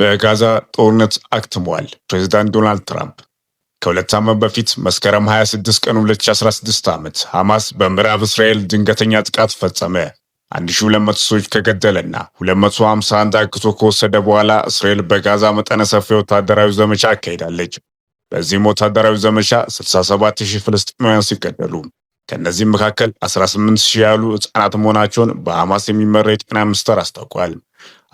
በጋዛ ጦርነት አክትመዋል። ፕሬዚዳንት ዶናልድ ትራምፕ ከሁለት ዓመት በፊት መስከረም 26 ቀን 2016 ዓመት ሐማስ በምዕራብ እስራኤል ድንገተኛ ጥቃት ፈጸመ። 1200 ሰዎች ከገደለና 251 አግቶ ከወሰደ በኋላ እስራኤል በጋዛ መጠነ ሰፊ ወታደራዊ ዘመቻ አካሂዳለች። በዚህም ወታደራዊ ዘመቻ 67000 ፍልስጤማውያን ሲገደሉ ከእነዚህም መካከል 18000 ያሉ ሕፃናት መሆናቸውን በሐማስ የሚመራ የጤና ሚኒስቴር አስታውቋል።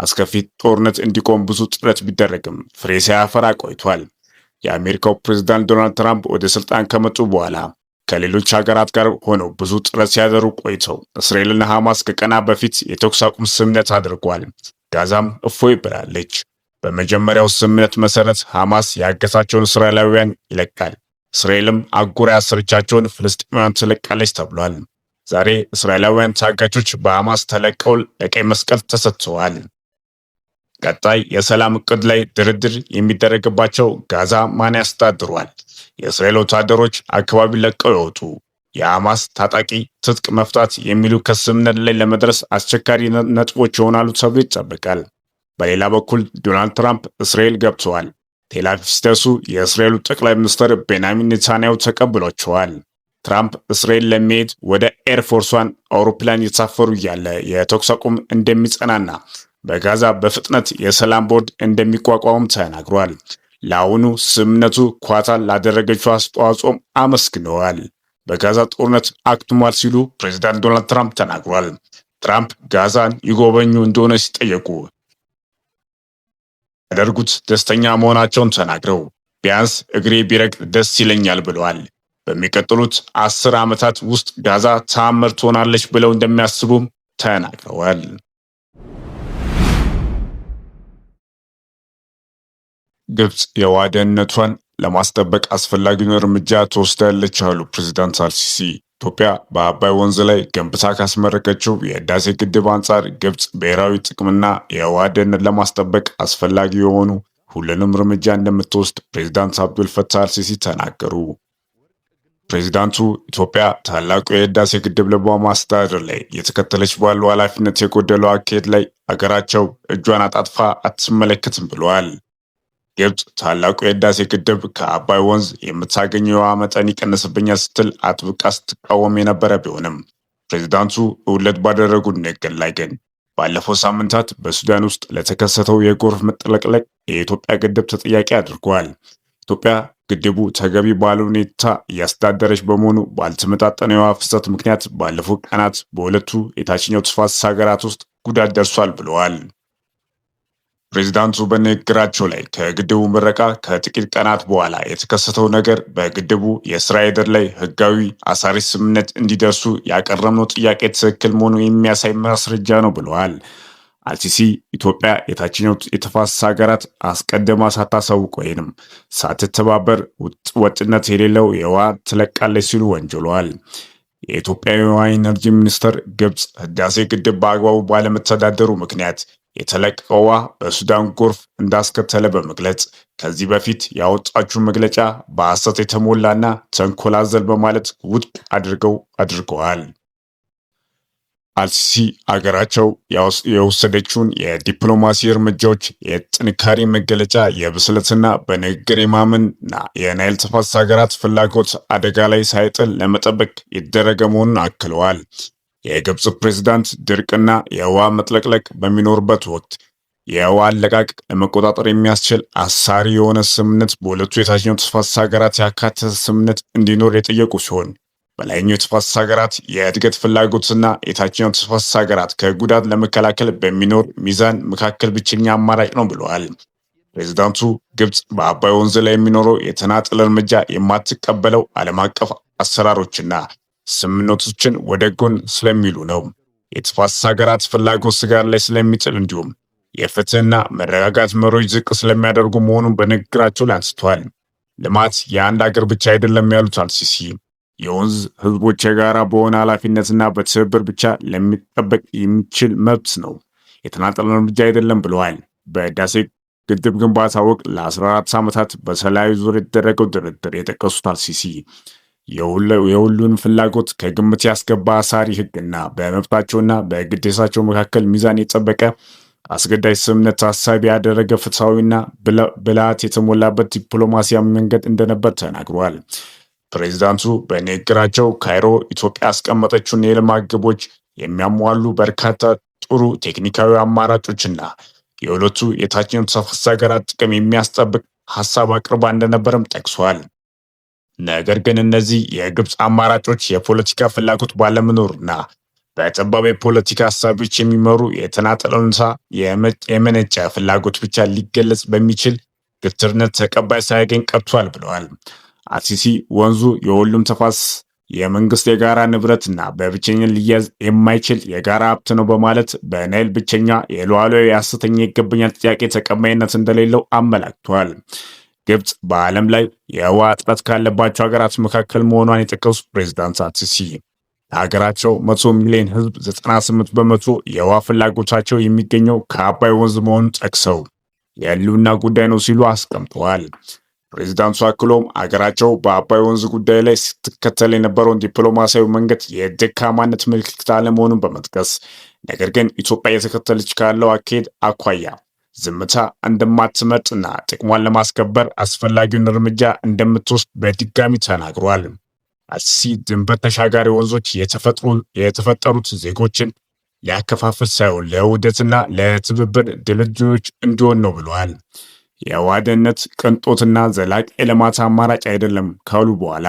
አስከፊ ጦርነት እንዲቆም ብዙ ጥረት ቢደረግም ፍሬ ሳያፈራ ቆይቷል። የአሜሪካው ፕሬዝዳንት ዶናልድ ትራምፕ ወደ ስልጣን ከመጡ በኋላ ከሌሎች ሀገራት ጋር ሆነው ብዙ ጥረት ሲያደርጉ ቆይተው እስራኤልና ሐማስ ከቀና በፊት የተኩስ አቁም ስምምነት አድርጓል። ጋዛም እፎይ ብላለች። በመጀመሪያው ስምምነት መሰረት ሐማስ ያገታቸውን እስራኤላውያን ይለቃል። እስራኤልም አጉራ ያሰረቻቸውን ፍልስጤማውያን ትለቃለች ተብሏል። ዛሬ እስራኤላውያን ታጋቾች በሐማስ ተለቀው ለቀይ መስቀል ተሰጥተዋል። ቀጣይ የሰላም እቅድ ላይ ድርድር የሚደረግባቸው ጋዛ ማን ያስተዳድሯል? የእስራኤል ወታደሮች አካባቢ ለቀው ይወጡ፣ የሐማስ ታጣቂ ትጥቅ መፍታት የሚሉ ከስምምነት ላይ ለመድረስ አስቸጋሪ ነጥቦች ይሆናሉ ተብሎ ይጠበቃል። በሌላ በኩል ዶናልድ ትራምፕ እስራኤል ገብተዋል። ቴልአቪቭ ሲደርሱ የእስራኤሉ ጠቅላይ ሚኒስትር ቤንያሚን ኔታንያሁ ተቀብሏቸዋል። ትራምፕ እስራኤል ለመሄድ ወደ ኤርፎርስ ዋን አውሮፕላን እየተሳፈሩ እያለ የተኩስ አቁም እንደሚጸናና በጋዛ በፍጥነት የሰላም ቦርድ እንደሚቋቋም ተናግሯል። ለአሁኑ ስምምነቱ ኳታር ላደረገችው አስተዋጽኦም አመስግነዋል። በጋዛ ጦርነት አክትሟል ሲሉ ፕሬዚዳንት ዶናልድ ትራምፕ ተናግሯል። ትራምፕ ጋዛን ይጎበኙ እንደሆነ ሲጠየቁ ያደርጉት ደስተኛ መሆናቸውን ተናግረው ቢያንስ እግሬ ቢረግጥ ደስ ይለኛል ብለዋል። በሚቀጥሉት አስር ዓመታት ውስጥ ጋዛ ታምር ትሆናለች ብለው እንደሚያስቡም ተናግረዋል። ግብፅ የውሃ ደህንነቷን ለማስጠበቅ አስፈላጊውን እርምጃ ትወስዳለች አሉ ፕሬዚዳንት አልሲሲ። ኢትዮጵያ በአባይ ወንዝ ላይ ገንብታ ካስመረቀችው የህዳሴ ግድብ አንጻር ግብፅ ብሔራዊ ጥቅምና የውሃ ደህንነት ለማስጠበቅ አስፈላጊ የሆኑ ሁሉንም እርምጃ እንደምትወስድ ፕሬዚዳንት ፈታ አልሲሲ ተናገሩ። ፕሬዚዳንቱ ኢትዮጵያ ታላቁ የህዳሴ ግድብ ልቧ ማስተዳደር ላይ የተከተለች ባለው ኃላፊነት የጎደለው አካሄድ ላይ አገራቸው እጇን አጣጥፋ አትመለከትም ብለዋል። ግብጽ ታላቁ የህዳሴ ግድብ ከአባይ ወንዝ የምታገኘው የውሃ መጠን ይቀንስብኛል ስትል አጥብቃ ስትቃወም የነበረ ቢሆንም ፕሬዚዳንቱ እውለት ባደረጉ ንግግር ላይ ግን ባለፈው ሳምንታት በሱዳን ውስጥ ለተከሰተው የጎርፍ መጥለቅለቅ የኢትዮጵያ ግድብ ተጠያቂ አድርገዋል። ኢትዮጵያ ግድቡ ተገቢ ባለ ሁኔታ እያስተዳደረች በመሆኑ ባልተመጣጠነ የውሃ ፍሰት ምክንያት ባለፉት ቀናት በሁለቱ የታችኛው ተፋሰስ ሀገራት ውስጥ ጉዳት ደርሷል ብለዋል። ፕሬዚዳንቱ በንግግራቸው ላይ ከግድቡ ምረቃ ከጥቂት ቀናት በኋላ የተከሰተው ነገር በግድቡ የስራ ሂደት ላይ ህጋዊ አሳሪ ስምምነት እንዲደርሱ ያቀረብነው ጥያቄ ትክክል መሆኑ የሚያሳይ ማስረጃ ነው ብለዋል። አልሲሲ ኢትዮጵያ የታችኛው የተፋሰስ ሀገራት አስቀድማ ሳታሳውቅ ወይንም ሳትተባበር ወጥነት የሌለው የውሃ ትለቃለች ሲሉ ወንጅለዋል። የኢትዮጵያዊዋ ኢነርጂ ሚኒስትር ግብፅ ህዳሴ ግድብ በአግባቡ ባለመተዳደሩ ምክንያት የተለቀቀ ውሃ በሱዳን ጎርፍ እንዳስከተለ በመግለጽ ከዚህ በፊት ያወጣችው መግለጫ በሐሰት የተሞላና ተንኮል አዘል በማለት ውድቅ አድርገው አድርገዋል። አልሲሲ አገራቸው የወሰደችውን የዲፕሎማሲ እርምጃዎች የጥንካሬ መገለጫ፣ የብስለትና በንግግር የማመንና የናይል ተፋሰስ ሀገራት ፍላጎት አደጋ ላይ ሳይጥል ለመጠበቅ ይደረገ መሆኑን አክለዋል። የግብፅ ፕሬዝዳንት ድርቅና የውሃ መጥለቅለቅ በሚኖርበት ወቅት የውሃ አለቃቀቅ ለመቆጣጠር የሚያስችል አሳሪ የሆነ ስምምነት በሁለቱ የታችኛው ተፋሰስ ሀገራት ያካተተ ስምምነት እንዲኖር የጠየቁ ሲሆን በላይኛው የተፋሰስ ሀገራት የእድገት ፍላጎትና የታችኛው የተፋሰስ ሀገራት ከጉዳት ለመከላከል በሚኖር ሚዛን መካከል ብቸኛ አማራጭ ነው ብለዋል። ፕሬዚዳንቱ ግብፅ በአባይ ወንዝ ላይ የሚኖረው የተናጥል እርምጃ የማትቀበለው ዓለም አቀፍ አሰራሮችና ስምምነቶችን ወደ ጎን ስለሚሉ ነው፣ የተፋሰስ ሀገራት ፍላጎት ስጋት ላይ ስለሚጥል እንዲሁም የፍትህና መረጋጋት መሪዎች ዝቅ ስለሚያደርጉ መሆኑን በንግግራቸው ላይ አንስተዋል። ልማት የአንድ አገር ብቻ አይደለም ያሉት አልሲሲ የወንዝ ህዝቦች የጋራ በሆነ ኃላፊነትና በትብብር ብቻ ለሚጠበቅ የሚችል መብት ነው፣ የተናጠለ እርምጃ አይደለም ብለዋል። በህዳሴ ግድብ ግንባታ ወቅት ለ14 ዓመታት በሰላዩ ዙር የተደረገው ድርድር የጠቀሱት አልሲሲ የሁሉን ፍላጎት ከግምት ያስገባ አሳሪ ህግና በመብታቸውና በግዴታቸው መካከል ሚዛን የጠበቀ አስገዳጅ ስምምነት ታሳቢ ያደረገ ፍትሐዊና ብልሃት የተሞላበት ዲፕሎማሲያዊ መንገድ እንደነበር ተናግሯል። ፕሬዚዳንቱ በንግግራቸው ካይሮ ኢትዮጵያ ያስቀመጠችውን የልማት ግቦች የሚያሟሉ በርካታ ጥሩ ቴክኒካዊ አማራጮችና የሁለቱ የታችኛው ተፋሰስ ሀገራት ጥቅም የሚያስጠብቅ ሀሳብ አቅርባ እንደነበርም ጠቅሷል። ነገር ግን እነዚህ የግብፅ አማራጮች የፖለቲካ ፍላጎት ባለመኖርና በጠባብ የፖለቲካ ሀሳቢዎች የሚመሩ የተናጠለ ሁኔታ የመነጨ ፍላጎት ብቻ ሊገለጽ በሚችል ግትርነት ተቀባይ ሳያገኝ ቀርቷል ብለዋል። አሲሲ ወንዙ የሁሉም ተፋስ የመንግስት የጋራ እና በብቸኛ ሊያዝ የማይችል የጋራ ሀብት ነው በማለት በናይል ብቸኛ የሉዓላዊ የሐሰተኛ ይገባኛል ጥያቄ ተቀባይነት እንደሌለው አመላክቷል። ግብፅ በዓለም ላይ የውሃ እጥረት ካለባቸው ሀገራት መካከል መሆኗን የጠቀሱት ፕሬዚዳንት አሲሲ ለሀገራቸው መቶ ሚሊዮን ህዝብ 98 በመቶ የውሃ ፍላጎታቸው የሚገኘው ከአባይ ወንዝ መሆኑን ጠቅሰው የህልውና ጉዳይ ነው ሲሉ አስቀምጠዋል። ፕሬዚዳንቱ አክሎም አገራቸው በአባይ ወንዝ ጉዳይ ላይ ስትከተል የነበረውን ዲፕሎማሲያዊ መንገድ የደካማነት ምልክት አለመሆኑን በመጥቀስ ነገር ግን ኢትዮጵያ እየተከተለች ካለው አካሄድ አኳያ ዝምታ እንደማትመርጥና ጥቅሟን ለማስከበር አስፈላጊውን እርምጃ እንደምትወስድ በድጋሚ ተናግሯል። አርሲ ድንበር ተሻጋሪ ወንዞች የተፈጠሩት ዜጎችን ሊያከፋፍል ሳይሆን ለውህደትና ለትብብር ድልድዮች እንዲሆን ነው ብለዋል። የዋደነት ቅንጦትና ዘላቂ የልማት አማራጭ አይደለም ካሉ በኋላ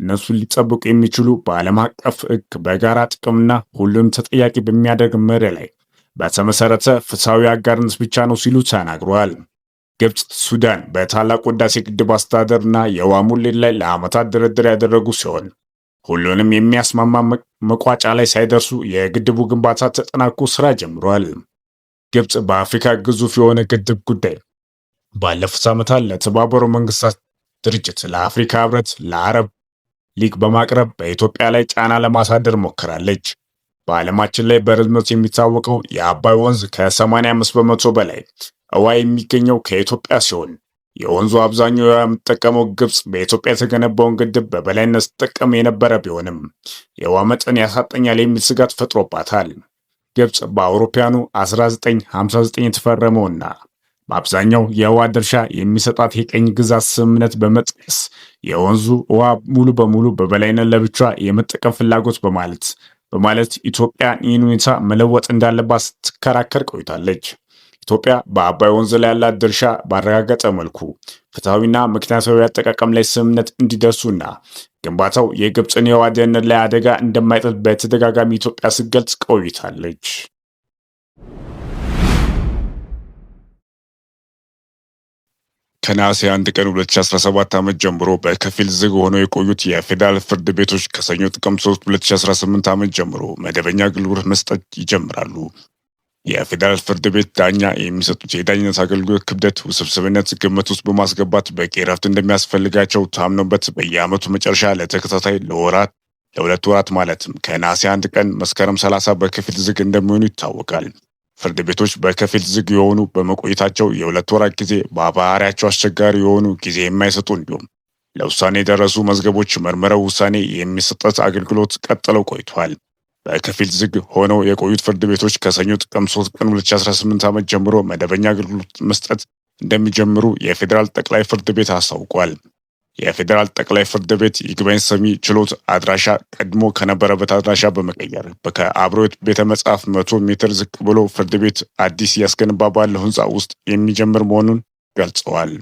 እነሱን ሊጠብቁ የሚችሉ በዓለም አቀፍ ሕግ በጋራ ጥቅምና ሁሉም ተጠያቂ በሚያደርግ መሪ ላይ በተመሰረተ ፍትሐዊ አጋርነት ብቻ ነው ሲሉ ተናግረዋል። ግብፅ፣ ሱዳን በታላቁ ህዳሴ ግድብ አስተዳደርና የውሃ ሙሌት ላይ ለዓመታት ድርድር ያደረጉ ሲሆን ሁሉንም የሚያስማማ መቋጫ ላይ ሳይደርሱ የግድቡ ግንባታ ተጠናክሮ ስራ ጀምሯል። ግብፅ በአፍሪካ ግዙፍ የሆነ ግድብ ጉዳይ ባለፉት ዓመታት ለተባበሩ መንግስታት ድርጅት፣ ለአፍሪካ ህብረት፣ ለአረብ ሊግ በማቅረብ በኢትዮጵያ ላይ ጫና ለማሳደር ሞክራለች። በዓለማችን ላይ በርዝመት የሚታወቀው የአባይ ወንዝ ከ85 በመቶ በላይ እዋ የሚገኘው ከኢትዮጵያ ሲሆን የወንዙ አብዛኛው ውሃ የምትጠቀመው ግብፅ በኢትዮጵያ የተገነባውን ግድብ በበላይነት ስትጠቀም የነበረ ቢሆንም የውሃ መጠን ያሳጠኛል የሚል ስጋት ፈጥሮባታል። ግብፅ በአውሮፓውያኑ 1959 የተፈረመውና በአብዛኛው የውሃ ድርሻ የሚሰጣት የቀኝ ግዛት ስምምነት በመጥቀስ የወንዙ ውሃ ሙሉ በሙሉ በበላይነት ለብቻ የመጠቀም ፍላጎት በማለት በማለት ኢትዮጵያን ይህን ሁኔታ መለወጥ እንዳለባት ስትከራከር ቆይታለች። ኢትዮጵያ በአባይ ወንዝ ላይ ያላት ድርሻ ባረጋገጠ መልኩ ፍትሐዊና ምክንያታዊ አጠቃቀም ላይ ስምምነት እንዲደርሱና ግንባታው የግብፅን የውሃ ደህንነት ላይ አደጋ እንደማይጥል በተደጋጋሚ ኢትዮጵያ ስትገልጽ ቆይታለች። ከነሐሴ አንድ ቀን 2017 ዓመት ጀምሮ በከፊል ዝግ ሆነው የቆዩት የፌዴራል ፍርድ ቤቶች ከሰኞ ጥቅምት 3 2018 ዓመት ጀምሮ መደበኛ አገልግሎት መስጠት ይጀምራሉ። የፌዴራል ፍርድ ቤት ዳኛ የሚሰጡት የዳኝነት አገልግሎት ክብደት ውስብስብነት ግምት ውስጥ በማስገባት በቂ እረፍት እንደሚያስፈልጋቸው ታምኖበት በየዓመቱ መጨረሻ ለተከታታይ ለወራት ለሁለት ወራት ማለትም ከነሐሴ አንድ ቀን መስከረም 30 በከፊል ዝግ እንደሚሆኑ ይታወቃል። ፍርድ ቤቶች በከፊል ዝግ የሆኑ በመቆየታቸው የሁለት ወራት ጊዜ በባህሪያቸው አስቸጋሪ የሆኑ ጊዜ የማይሰጡ እንዲሁም ለውሳኔ የደረሱ መዝገቦች መርምረው ውሳኔ የሚሰጠት አገልግሎት ቀጥለው ቆይቷል። በከፊል ዝግ ሆነው የቆዩት ፍርድ ቤቶች ከሰኞ ጥቅምት 3 ቀን 2018 ዓመት ጀምሮ መደበኛ አገልግሎት መስጠት እንደሚጀምሩ የፌዴራል ጠቅላይ ፍርድ ቤት አስታውቋል። የፌዴራል ጠቅላይ ፍርድ ቤት ይግባኝ ሰሚ ችሎት አድራሻ ቀድሞ ከነበረበት አድራሻ በመቀየር ከአብሮት ቤተ መጽሐፍ መቶ ሜትር ዝቅ ብሎ ፍርድ ቤት አዲስ እያስገነባ ባለው ህንፃ ውስጥ የሚጀምር መሆኑን ገልጸዋል።